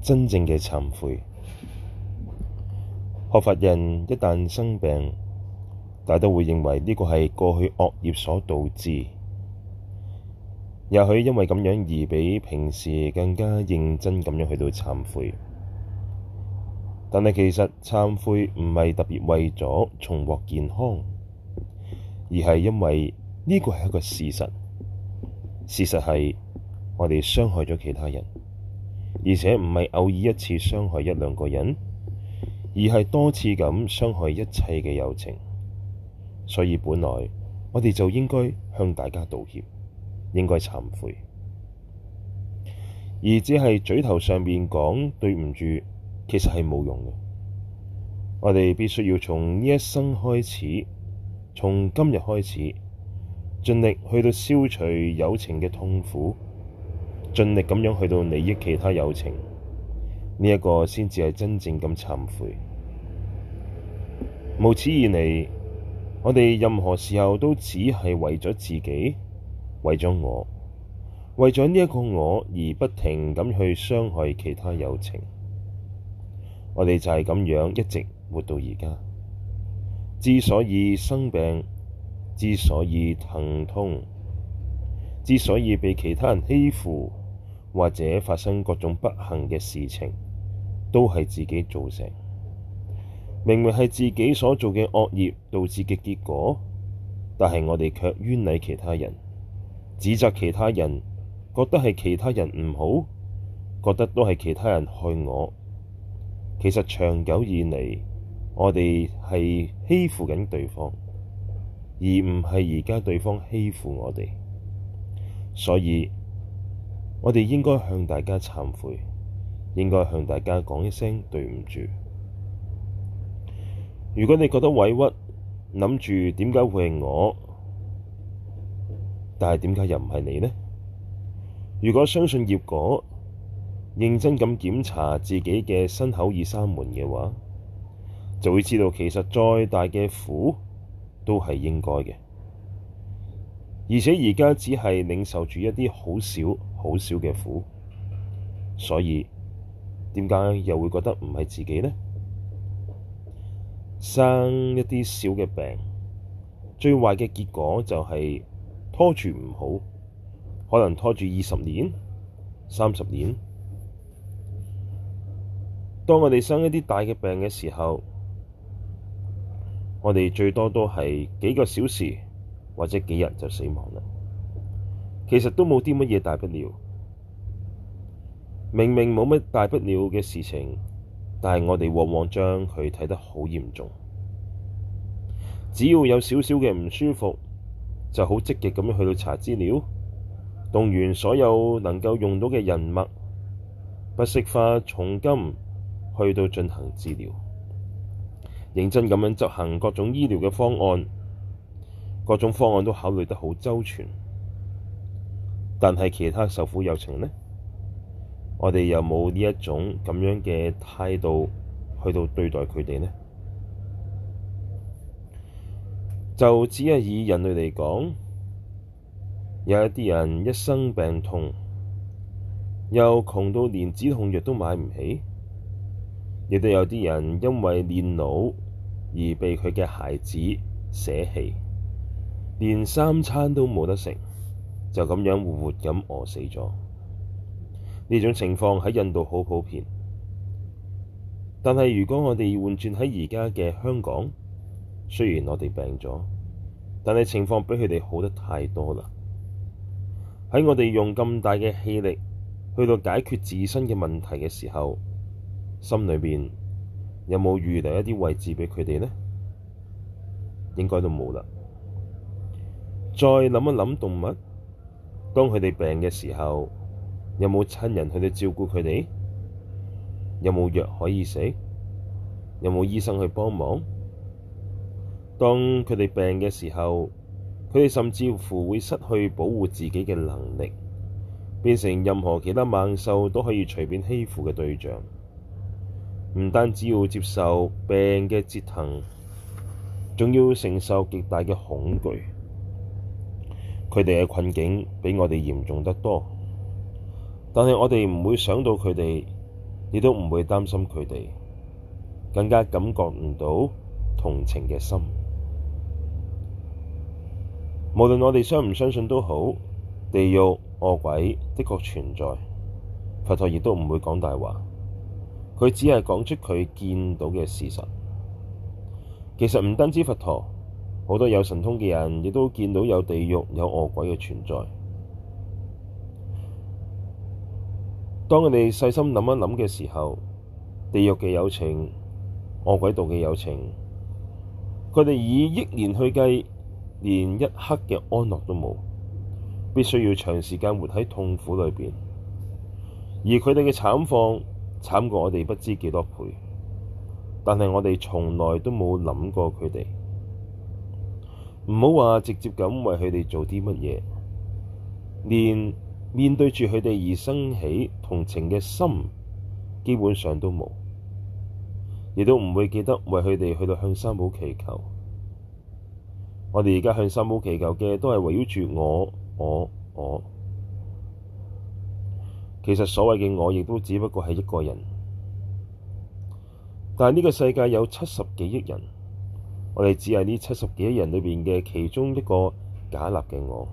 真正嘅懺悔，學佛人一旦生病，大都會認為呢個係過去惡業所導致，也許因為咁樣而比平時更加認真咁樣去到懺悔。但係其實懺悔唔係特別為咗重獲健康，而係因為呢個係一個事實，事實係我哋傷害咗其他人。而且唔係偶爾一次傷害一兩個人，而係多次咁傷害一切嘅有情，所以本來我哋就應該向大家道歉，應該懺悔，而只係嘴頭上面講對唔住，其實係冇用嘅。我哋必須要從呢一生開始，從今日開始，盡力去到消除有情嘅痛苦。盡力咁樣去到利益其他友情，呢一個先至係真正咁懺悔。無此以嚟，我哋任何時候都只係為咗自己，為咗我，為咗呢一個我而不停咁去傷害其他友情。我哋就係咁樣一直活到而家。之所以生病，之所以疼痛，之所以被其他人欺負。或者發生各種不幸嘅事情，都係自己造成。明明係自己所做嘅惡業導致嘅結果，但係我哋卻冤賴其他人，指責其他人，覺得係其他人唔好，覺得都係其他人害我。其實長久以嚟，我哋係欺負緊對方，而唔係而家對方欺負我哋。所以。我哋應該向大家懺悔，應該向大家講一聲對唔住。如果你覺得委屈，諗住點解會係我，但係點解又唔係你呢？如果相信業果，認真咁檢查自己嘅身口二三門嘅話，就會知道其實再大嘅苦都係應該嘅，而且而家只係領受住一啲好少。好少嘅苦，所以點解又會覺得唔係自己呢？生一啲小嘅病，最壞嘅結果就係拖住唔好，可能拖住二十年、三十年。當我哋生一啲大嘅病嘅時候，我哋最多都係幾個小時或者幾日就死亡啦。其實都冇啲乜嘢大不了，明明冇乜大不了嘅事情，但係我哋往往將佢睇得好嚴重。只要有少少嘅唔舒服，就好積極咁樣去到查資料，動員所有能夠用到嘅人脈，不惜花重金去到進行治療，認真咁樣執行各種醫療嘅方案，各種方案都考慮得好周全。但係其他受苦有情呢？我哋有冇呢一種咁樣嘅態度去到對待佢哋呢？就只係以人類嚟講，有一啲人一生病痛，又窮到連止痛藥都買唔起，亦都有啲人因為年老而被佢嘅孩子捨棄，連三餐都冇得食。就咁樣活活咁餓死咗。呢種情況喺印度好普遍，但係如果我哋要換轉喺而家嘅香港，雖然我哋病咗，但係情況比佢哋好得太多喇。喺我哋用咁大嘅氣力去到解決自身嘅問題嘅時候，心裏邊有冇預留一啲位置畀佢哋呢？應該都冇喇。再諗一諗動物。當佢哋病嘅時候，有冇親人去照顧佢哋？有冇藥可以食？有冇醫生去幫忙？當佢哋病嘅時候，佢哋甚至乎會失去保護自己嘅能力，變成任何其他猛獸都可以隨便欺負嘅對象。唔單止要接受病嘅折騰，仲要承受極大嘅恐懼。佢哋嘅困境比我哋嚴重得多，但係我哋唔會想到佢哋，亦都唔會擔心佢哋，更加感覺唔到同情嘅心。無論我哋相唔相信都好，地獄、惡鬼的確存在，佛陀亦都唔會講大話，佢只係講出佢見到嘅事實。其實唔單止佛陀。好多有神通嘅人，亦都見到有地獄、有惡鬼嘅存在。當佢哋細心諗一諗嘅時候，地獄嘅有情、惡鬼道嘅有情，佢哋以億年去計，連一刻嘅安樂都冇，必須要長時間活喺痛苦裏邊。而佢哋嘅慘況，慘過我哋不知幾多倍。但係我哋從來都冇諗過佢哋。唔好話直接咁為佢哋做啲乜嘢，連面對住佢哋而生起同情嘅心，基本上都冇，亦都唔會記得為佢哋去到向三寶祈求。我哋而家向三寶祈求嘅，都係圍繞住我、我、我。其實所謂嘅我，亦都只不過係一個人，但係呢個世界有七十幾億人。我哋只係呢七十幾億人裏邊嘅其中一個假立嘅我，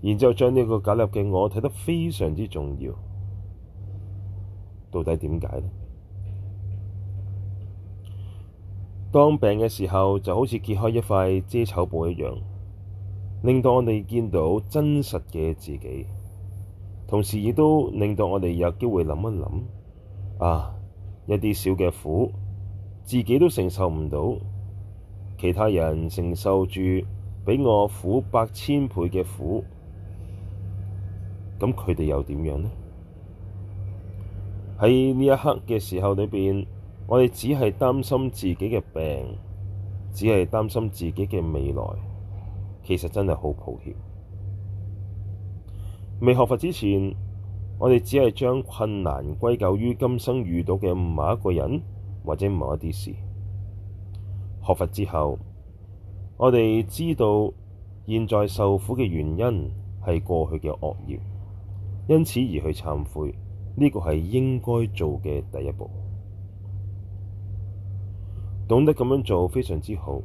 然之後將呢個假立嘅我睇得非常之重要。到底點解呢？當病嘅時候就好似揭開一塊遮醜布一樣，令到我哋見到真實嘅自己，同時亦都令到我哋有機會諗一諗啊，一啲小嘅苦。自己都承受唔到，其他人承受住比我苦百千倍嘅苦，咁佢哋又點樣呢？喺呢一刻嘅時候裏邊，我哋只係擔心自己嘅病，只係擔心自己嘅未來，其實真係好抱歉。未學佛之前，我哋只係將困難歸咎於今生遇到嘅某一個人。或者某一啲事，學佛之後，我哋知道現在受苦嘅原因係過去嘅惡業，因此而去懺悔，呢個係應該做嘅第一步。懂得咁樣做非常之好，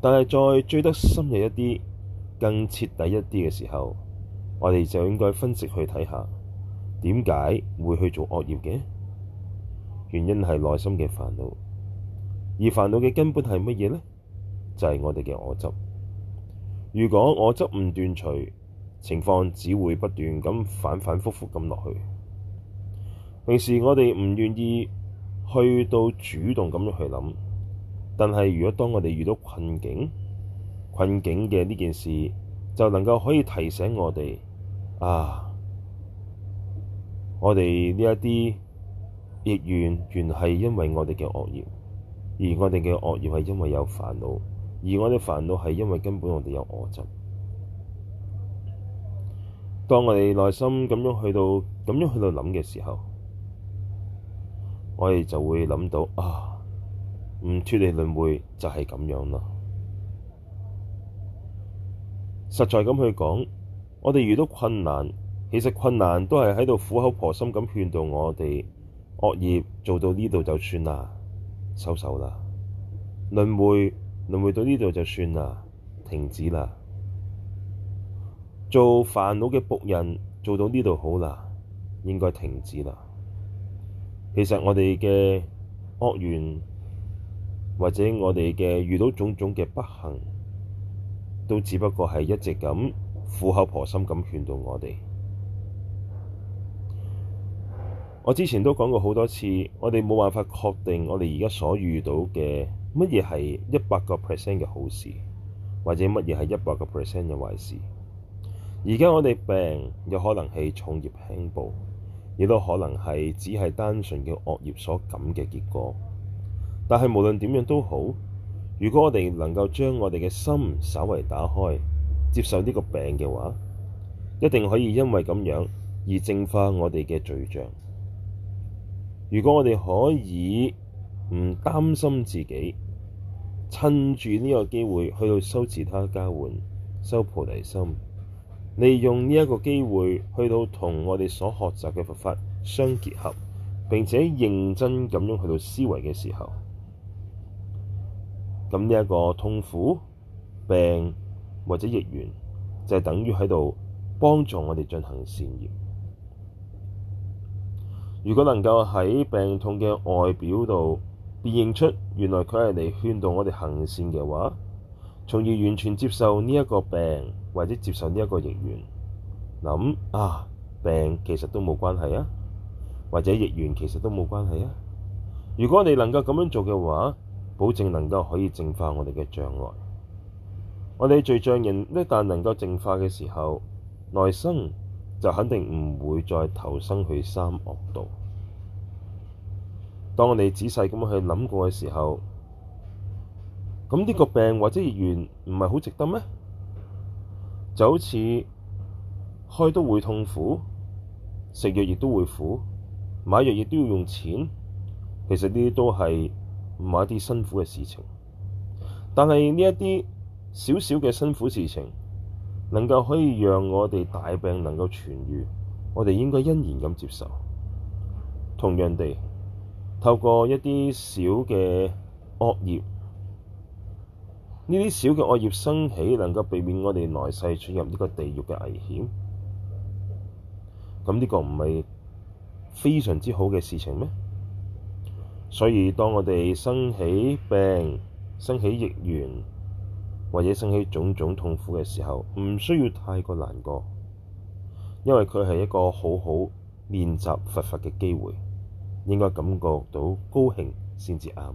但係再追得深入一啲、更徹底一啲嘅時候，我哋就應該分析去睇下，點解會去做惡業嘅。原因係內心嘅煩惱，而煩惱嘅根本係乜嘢呢？就係我哋嘅我執。如果我執唔斷除，情況只會不斷咁反反覆覆咁落去。平時我哋唔願意去到主動咁樣去諗，但係如果當我哋遇到困境，困境嘅呢件事，就能夠可以提醒我哋啊，我哋呢一啲。亦完全係因為我哋嘅惡業，而我哋嘅惡業係因為有煩惱，而我哋煩惱係因為根本我哋有惡習。當我哋內心咁樣去到咁樣去到諗嘅時候，我哋就會諗到啊，唔脫離輪迴就係咁樣啦。實在咁去講，我哋遇到困難，其實困難都係喺度苦口婆心咁勸導我哋。惡業做到呢度就算啦，收手啦；輪迴輪迴到呢度就算啦，停止啦。做煩惱嘅僕人做到呢度好啦，應該停止啦。其實我哋嘅惡緣或者我哋嘅遇到種種嘅不幸，都只不過係一直咁苦口婆心咁勸導我哋。我之前都講過好多次，我哋冇辦法確定我哋而家所遇到嘅乜嘢係一百個 percent 嘅好事，或者乜嘢係一百個 percent 嘅壞事。而家我哋病有可能係重業輕報，亦都可能係只係單純嘅惡業所感嘅結果。但係無論點樣都好，如果我哋能夠將我哋嘅心稍為打開，接受呢個病嘅話，一定可以因為咁樣而淨化我哋嘅罪障。如果我哋可以唔擔心自己，趁住呢個機會去到修自他交換、修菩提心，利用呢一個機會去到同我哋所學習嘅佛法相結合，並且認真咁樣去到思維嘅時候，咁呢一個痛苦、病或者逆緣，就係、是、等於喺度幫助我哋進行善業。如果能夠喺病痛嘅外表度辨認出原來佢係嚟勸導我哋行善嘅話，從而完全接受呢一個病或者接受呢一個疫源，嗱啊病其實都冇關係啊，或者疫源其實都冇關係啊。如果你能夠咁樣做嘅話，保證能夠可以淨化我哋嘅障礙。我哋嘅罪障，一旦能夠淨化嘅時候，內心。就肯定唔會再投生去三惡道。當你仔細咁去諗過嘅時候，咁呢個病或者療愈唔係好值得咩？就好似開刀都會痛苦，食藥亦都會苦，買藥亦都要用錢。其實呢啲都係買一啲辛苦嘅事情。但係呢一啲小小嘅辛苦事情。能夠可以讓我哋大病能夠痊癒，我哋應該欣然咁接受。同樣地，透過一啲小嘅惡業，呢啲小嘅惡業升起，能夠避免我哋來世進入呢個地獄嘅危險，咁呢個唔係非常之好嘅事情咩？所以當我哋生起病、生起疫源。或者生起種種痛苦嘅時候，唔需要太過難過，因為佢係一個好好練習佛法嘅機會，應該感覺到高興先至啱。